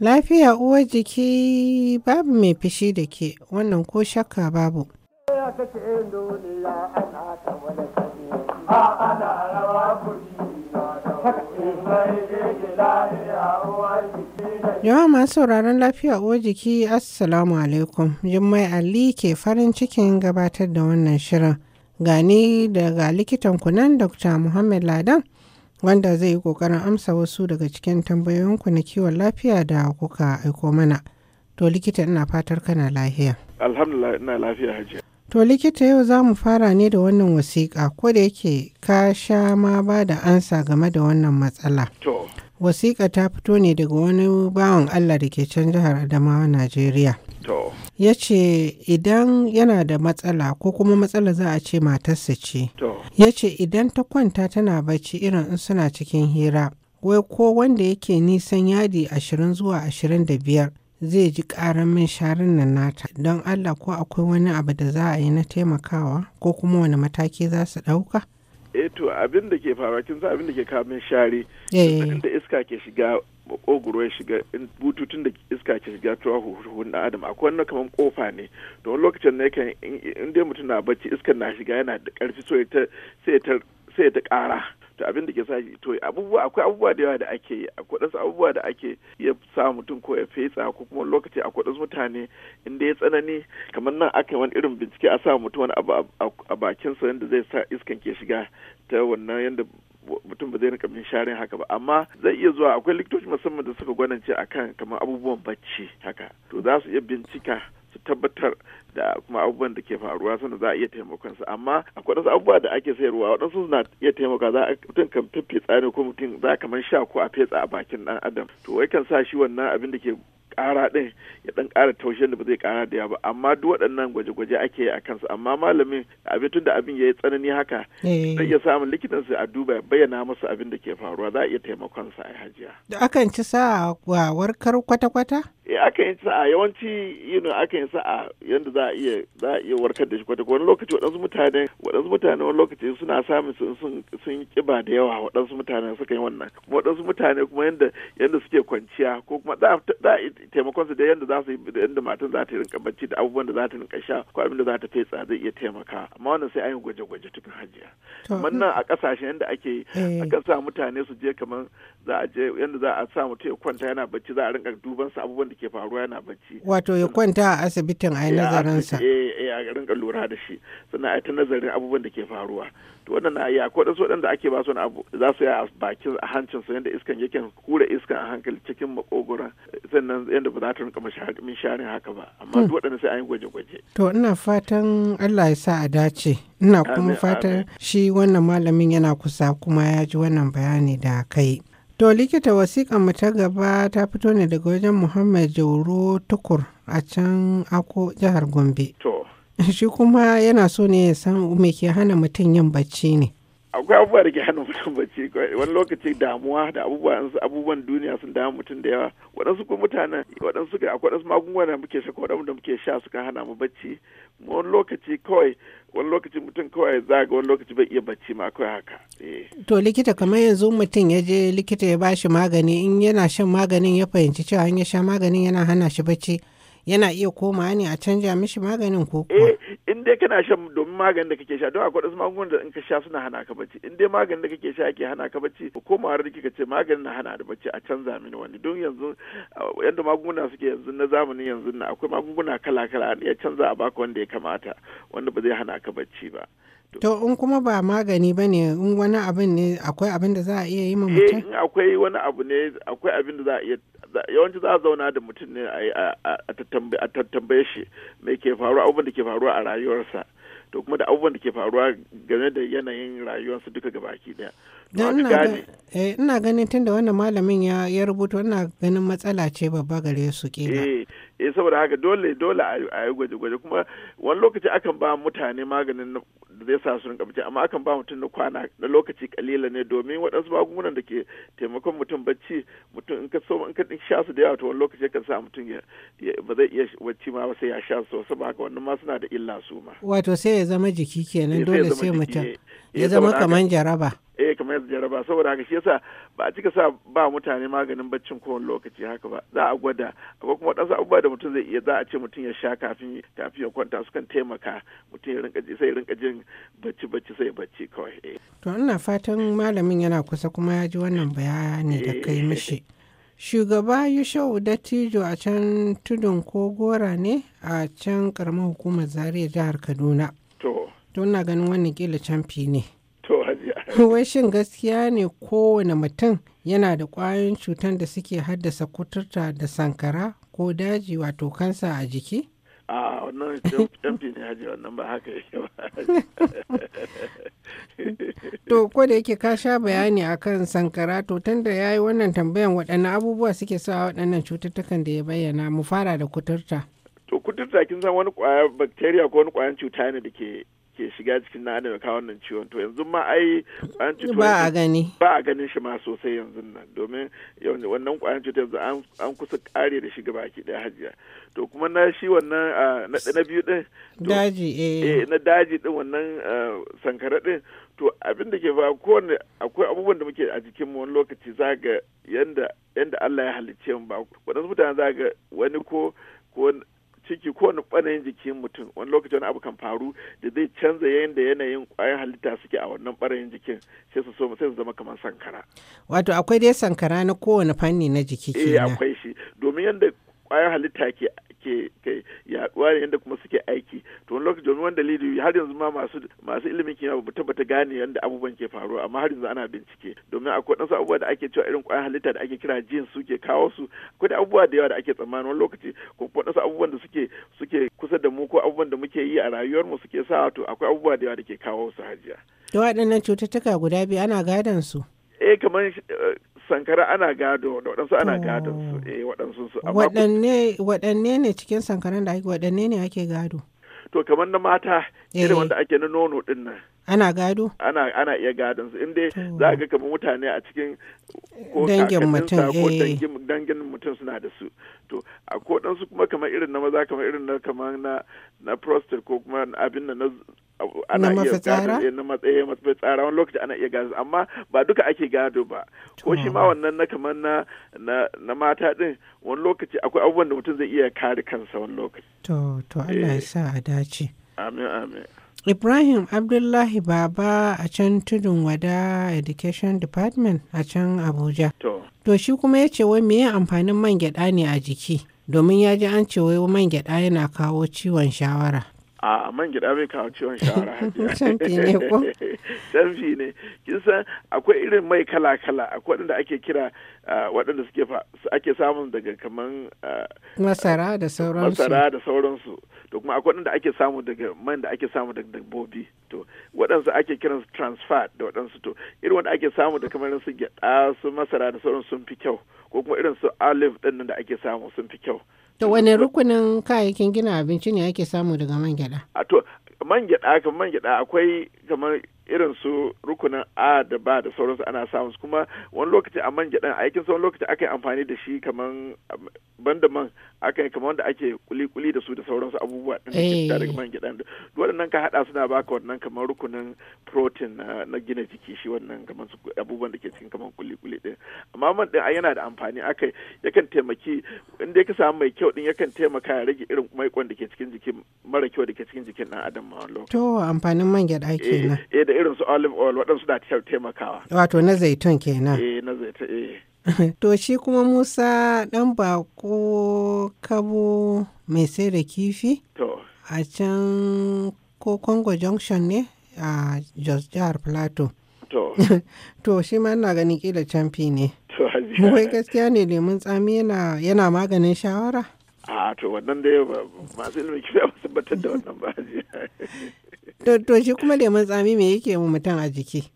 Lafiya uwar jiki babu mai fishi da ke wannan ko shakka babu. Yawa masu sauraron lafiya uwar jiki Assalamu alaikum. Jummai Ali ke farin cikin gabatar da wannan shirin. Gani daga likitan kunan Dr. Muhammad Ladan. wanda zai yi ƙoƙarin amsa wasu daga cikin tambayoyinku na kiwon lafiya da kuka aiko mana. To likita ina fatar kana lafiya. Alhamdulillah ina lafiya hajiya. To likita yau za mu fara ne da wannan wasiƙa ko da yake ka sha ma ba da ansa game da wannan matsala. To. Wasiƙa ta fito ne daga wani bawan Allah da ke can jihar Adamawa Najeriya. ya ce idan yana da matsala ko kuma matsala za a ce matarsa ce ya ce idan ta kwanta tana bacci irin in suna cikin hira wai ko wanda yake nisan yadi ashirin zuwa ashirin da biyar zai ji ƙarar min sharin nan nata don allah ko akwai wani abu da za a yi na taimakawa ko kuma wani mataki za su ɗauka eh to abin da ke faruwa kin abin da ke kawo min share eh. da iska ke shiga ogoro ya shiga bututun da iska ke shiga tuwa huhun da adam akwai wannan kamar kofa ne to wani lokacin ne kan in dai mutum na bacci iska na shiga yana da karfi so sai ta kara to abin da ke sa to abubuwa akwai abubuwa da yawa da ake yi akwai dasu abubuwa da ake ya sa mutum ko ya fetsa ko kuma lokaci akwai dasu mutane inda ya tsanani kamar nan aka yi wani irin bincike a sa mutum wani abu a bakinsa yadda zai sa iskan ke shiga ta wannan yadda mutum ba zai rinka sharin haka ba amma zai iya zuwa akwai likitoci musamman da suka gwanance akan kamar abubuwan bacci haka to za su iya bincika su tabbatar da kuma abubuwan da ke faruwa sannan za a iya taimakon su amma akwai wasu abubuwa da ake sayarwa waɗansu suna iya taimaka za a mutum kan fiffi tsari ko mutum za kamar sha ko a fetsa a bakin ɗan adam to wai kan sa shi wannan abin da ke ƙara ɗin ya ɗan ƙara taushen da ba zai ƙara da ya ba amma duk waɗannan gwaje-gwaje ake yi a kansu amma malamin abin tun da abin ya yi tsanani haka eh. zai iya samun likitan su a duba bayyana masa abin da ke faruwa za a iya taimakon sa a hajiya. Da akan ci sa a warkar kwata-kwata? Eh akan yi sa a yawanci yin akan yi sa a yanda za a iya za a iya warkar da shi kwata wani lokaci waɗansu mutane waɗansu mutane wani lokaci suna samun sun sun kiba da yawa waɗansu mutane suka yi wannan kuma waɗansu mutane kuma yanda yanda suke kwanciya ko kuma za a taimakon su da yadda za su yi da yadda matan za ta rinka bacci da abubuwan da za ta rinka sha ko abin da za ta fetsa zai iya taimaka amma wannan sai an yi gwaje-gwaje cikin hajiya kamar mm. nan a kasashen yadda ake eh. akan sa mutane su je kamar za a je yadda za a sa mutum ya kwanta yana bacci za a rinka duban sa abubuwan da ke faruwa yana bacci wato ya kwanta a asibitin a yi eh, nazarin sa eh eh a rinka lura da shi sannan a ta nazarin abubuwan da ke faruwa to waɗannan ayi akwai waɗansu waɗanda ake ba su abu za su yi a bakin a hancin su yadda iskan yake kura iskan a hankali cikin makogoron sannan yadda ba za ta rinka min sharin haka ba amma hmm. duk waɗanda sai an yi gwaje-gwaje. to ina fatan Allah ya sa a dace ina kuma fatan shi wannan malamin yana kusa kuma ya ji wannan bayani da kai. To likita wasiƙan mu ta gaba ta fito ne daga wajen Muhammad Jauro Tukur a can Ako jihar Gombe. To shi kuma yana so ne ya san me ke hana mutum yin bacci ne akwai abubuwa da ke hana mutum bacci wani lokaci damuwa da abubuwan duniya sun damu mutum da yawa waɗansu kuma mutanen waɗansu ga akwai waɗansu magunguna da muke sha waɗansu da muke sha suka hana mu bacci wani lokaci kawai wani lokaci mutum kawai za ga wani lokaci bai iya bacci ma akwai haka eh. to likita kamar yanzu mutum ya je likita ya bashi magani in yana shan maganin ya fahimci cewa an ya sha maganin yana hana shi bacci yana iya komawa ne a canja mishi maganin ko Eh, in dai kana shan domin maganin da kake sha don akwai wasu magungunan da in ka sha suna hana ka bacci in dai maganin da kake sha ke hana ka bacci ko komawar da kika ce maganin na hana da bacci a canza mini wani don yanzu yadda magunguna suke yanzu na zamani yanzu na akwai magunguna kala kala ya canza a baka wanda ya kamata wanda ba zai hana ka bacci ba To in kuma ba magani ba ne in wani abin ne akwai abin da za a iya yi ma eh, mutum? Eh in akwai wani abu ne akwai abin da za a iya yawanci za a zauna da mutum ne a tattambaye shi me ke faruwa abubuwan da ke faruwa a rayuwarsa to kuma da abubuwan da ke faruwa game da yanayin rayuwarsa duka gabaki daya eh, ina ganin tunda wannan malamin ya rubuta wannan ganin matsala ce babba gare su kila eh, eh saboda haka dole dole a yi gwaje-gwaje kuma wani lokaci akan ba mutane maganin da zai sa su rinka bacci amma akan ba mutum na kwana na lokaci kalila ne domin waɗansu magungunan da ke taimakon mutum bacci mutum in ka so in ka sha su da yawa to wani lokaci kan sa mutum ya ba zai iya bacci ma ba sai ya sha su saboda haka wannan ma suna da illa su ma wato sai ya zama jiki kenan eh, dole sai mutum eh, ya zama kaman jaraba eh kamar jaraba saboda haka shi yasa ba a cika sa ba mutane maganin baccin kowane lokaci haka ba za a gwada akwai kuma wadansu abubuwa da mutum zai iya za a ce mutum ya sha kafin kafin ya kwanta su kan taimaka mutum ya rinka sai rinka jin bacci bacci sai bacci kawai. Eh. to ina fatan malamin yana kusa kuma ya ji wannan bayani da kai eh. mishi. shugaba yushau dattijo a can tudun ko gora ne a can karamar hukumar zaria jihar kaduna to ina ganin wannan kila camfi ne wai shin gaskiya ne kowane mutum yana da ƙwayoyin cutar da suke haddasa kuturta da sankara ko daji wato kansa a jiki? a wannan jamfi ne haji wannan ba haka yake ba to ko da yake ka sha bayani akan sankara to da ya yi wannan tambayan waɗannan abubuwa suke sa waɗannan cututtukan da ya bayyana mu fara da kuturta to kuturta kin san wani kwaya bakteriya ko wani kwayan cuta ne da ke ke shiga cikin na da kawo wannan ciwon to yanzu ma ai kwayan cutar ba a gani ba a ganin shi ma sosai yanzu nan domin wannan kwayan cutar yanzu an kusa kare da shi gaba ki daya hajiya to kuma na shi wannan na biyu din daji eh. eh na daji din wannan sankara din to abin da ke fa kowanne akwai abubuwan da muke a jikin mu wani lokaci za ga yanda yanda Allah ya halicce mu ba wadansu mutane za ga wani ko ko ciki ko wani ɓanayin jikin mutum wani lokacin wani abu kan faru da zai canza yayin da yanayin ƙwayar halitta suke a wannan ɓanayin jikin sai su so sai su zama kamar sankara. Wato akwai dai sankara na kowane fanni na jiki eh, kenan. Eh akwai shi domin yadda ƙwayar halitta ke suke kai yaduwa da yadda kuma suke aiki to wani lokaci domin wani dalili har yanzu ma masu masu ilimin kimiyya ba tabbata gane yadda abubuwan ke faruwa amma har yanzu ana bincike domin akwai ɗansu abubuwa da ake cewa irin ƙwayar halitta da ake kira jin suke kawo su akwai da abubuwa da yawa da ake tsammani wani lokaci ko waɗansu abubuwan da suke suke kusa da mu ko abubuwan da muke yi a rayuwar mu suke sa to akwai abubuwa da yawa da ke kawo su hajiya. Da waɗannan cututtuka guda biyu ana gadon su. eh kamar eh, sankara ana gado da waɗansu ana oh. gadon su eh waɗansu su waɗanne waɗanne ne cikin sankaran da ake waɗanne ne ake gado to kamar na mata irin eh. wanda ake na nono din nan ana gado ana ana iya gadon su inda za ga kamar mutane a cikin ko dangin mutum ko eh. dangin mutum suna da su to a ko dan su kuma kamar irin na maza kamar irin na kamar na na prostate ko kuma abin na ana iya gado eh, na matsayi eh, matsayi tsara wani lokaci ana iya gado amma ba duka ake gado ba ko shi ma wannan na kamar na na mata din wani lokaci akwai abubuwan da mutum zai iya kare kansa wani lokaci to to Allah ya sa a dace amin amin Ibrahim Abdullahi Baba a can tudun wada Education Department a can Abuja. To shi kuma ya ce wai meye amfanin man gyaɗa ne a jiki domin ya ji an ce wai man gyaɗa yana kawo ciwon shawara. a man gida bai kawo ciwon shawara canfi ne ko ne kin san akwai irin mai kala kala akwai wadanda ake kira waɗanda suke ake samun daga kaman masara da sauransu masara da sauransu to kuma akwai wadanda ake samu daga man da ake samu daga dabbobi to waɗansu ake kiran su transfer da waɗansu to irin wanda ake samu da kamar su gyaɗa su masara da sauransu sun fi kyau ko kuma irin su olive ɗin da ake samu sun fi kyau To wane rukunin kayayyakin gina abinci ne ake samu daga man gyada? A to man gyada akwai kamar irin su rukunin a da ba da sauransu ana samun su kuma wani lokaci a man gyaɗan aikin wani lokaci yi amfani da shi kaman ban da man yi kaman wanda ake kuli-kuli da su da sauransu abubuwa ɗin da daga eh. man gyaɗan da waɗannan ka haɗa suna baka wannan kaman rukunin protein na gina jiki shi wannan kaman su abubuwan da ke cikin kaman kuli-kuli ɗin amma man ɗin yana da amfani aka yakan taimaki inda ya ka samu mai kyau ɗin yakan taimaka ya rage irin maikon da ke cikin jikin mara kyau da ke cikin jikin ɗan adam ma wani lokaci. To amfanin man gyaɗa eh, kenan. Eh, da irin su olive oil waɗansu na taimakawa. Wato na zaitun kenan. Eh na zaitun eh. to shi kuma Musa ɗan bako kabo mai sai da kifi? To. A can ko Congo Junction ne a Jos Jihar Plateau. To. to shi ma na ganin kila canfi ne. To hajiya. Wai gaskiya ne lemun tsami yana maganin shawara? A to wannan dai masu ilimin kifi ba tabbatar da wannan ba To shi kuma lemun tsami me yake mu mutum a jiki?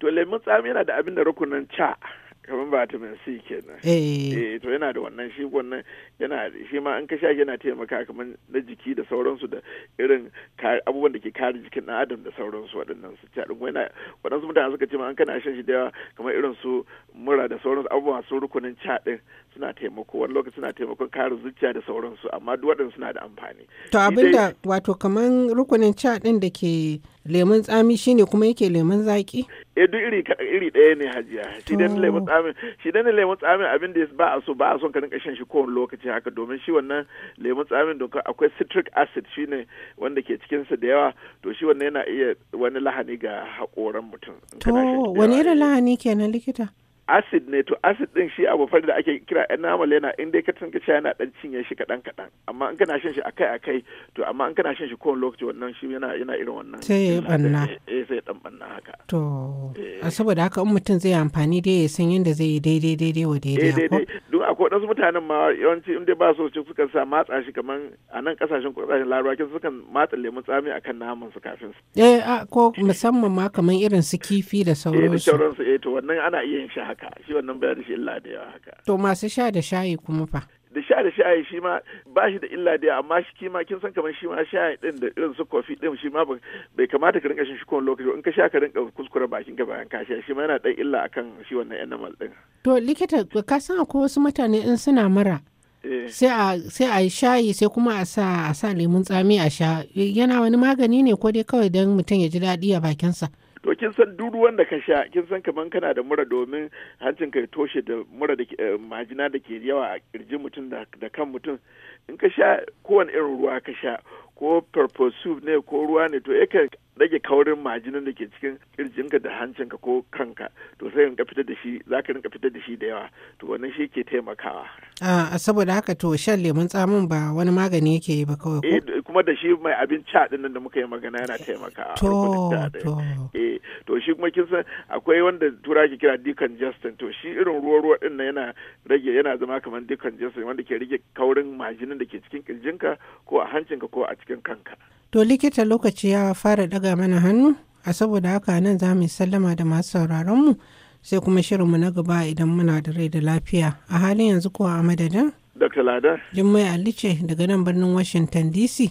To lemun tsami yana da abin da rukunin ca kamar vitamin C kenan. Eh. eh to yana da wannan shi wannan yana shi ma an ka yana taimaka kamar na jiki da sauransu da irin abubuwan da ke kare jikin ɗan adam da sauransu waɗannan su ca din yana waɗansu mutane suka ce ma an kana shan shi da yawa kamar irin su mura da sauransu abubuwa su rukunin ca din suna taimako wani lokaci suna taimakon karin zuciya da sauransu amma duk waɗanda suna da amfani. To abinda wato kaman rukunin ca ɗin da ke lemun tsami shine kuma yake lemun zaƙi? Eh duk iri iri ɗaya ne hajiya. Shi dan lemun tsami shi dan lemun tsami abin da ba a so ba a son ka rinka shan shi kowane lokaci haka domin shi wannan lemun tsami doka akwai citric acid shine wanda ke cikin sa da yawa to shi wannan yana iya wani lahani ga hakoran mutum. To wani irin eh. lahani kenan likita? acid ne to acid din shi abu fari da ake kira enamel yana in dai ka tsinka shi yana dan cinye shi kadan kadan amma in kana shan shi akai akai to amma in kana shan shi kowane lokaci wannan shi yana yana irin wannan sai ya banna eh sai dan banna haka to a eh. saboda haka in mutum zai amfani dai ya san yadda zai yi daidai daidai wa daidai eh, daidai don akwai wasu mutanen ma yawanci in dai ba su ci sukan sa matsa shi kaman a nan kasashen kasashen larabawa sukan matsa lemun tsami akan naman su kafin su eh ko musamman ma kaman irin su kifi da sauransu eh da sauransu eh to wannan ana iya yin shi haka shi wannan baya da shi illa da yawa haka to masu sha da shayi kuma fa da sha da shayi shi ma ba shi da illa da amma shi kima kin san kamar shi ma shayi din da irin su kofi din shi ma bai kamata ka rinka shin shi kowane lokaci in ka sha ka rinka kuskure bakin ka bayan ka sha shi ma yana dan illa akan shi wannan animal din to likita ka san akwai wasu mutane in suna mara eh. sai a yi shayi sai kuma a sa a sa lemun tsami a sha yana wani magani ne ko dai kawai don mutum ya ji daɗi a bakinsa kin san duk ruwan da ka sha kin san kaman kana da mura domin hancin ka toshe da mura da eh, majina da ke yawa a kirjin mutum da kan mutum in ka sha kowane irin ruwa ka sha ko purple ne ko ruwa ne to yakan rage kaurin majinin da ke cikin kirjinka da hancinka ko kanka to sai ka fitar da shi za ka rinka fitar da shi da yawa to wannan shi ke taimakawa. a ah, saboda haka to shan lemun tsamin ba wani magani yake yi ba kawai ko? Eh, kuma da shi mai abin ca dinnan da muka yi magana yana taimaka a eh, to shi kuma kin san akwai wanda tura ke kira decongestant to shi irin ruwa ruwa din nan yana rage yana zama kamar decongestant wanda ke rage kaurin majinin da ke cikin kirjinka ko a hancinka ko a cikin kanka to likita lokaci ya fara daga mana hannu a saboda haka nan za mu sallama da masu sauraron mu sai kuma shirin mu na gaba idan muna da rai da lafiya a halin yanzu kuwa a madadin Dr. Lada. Jummai alice daga nan birnin Washington DC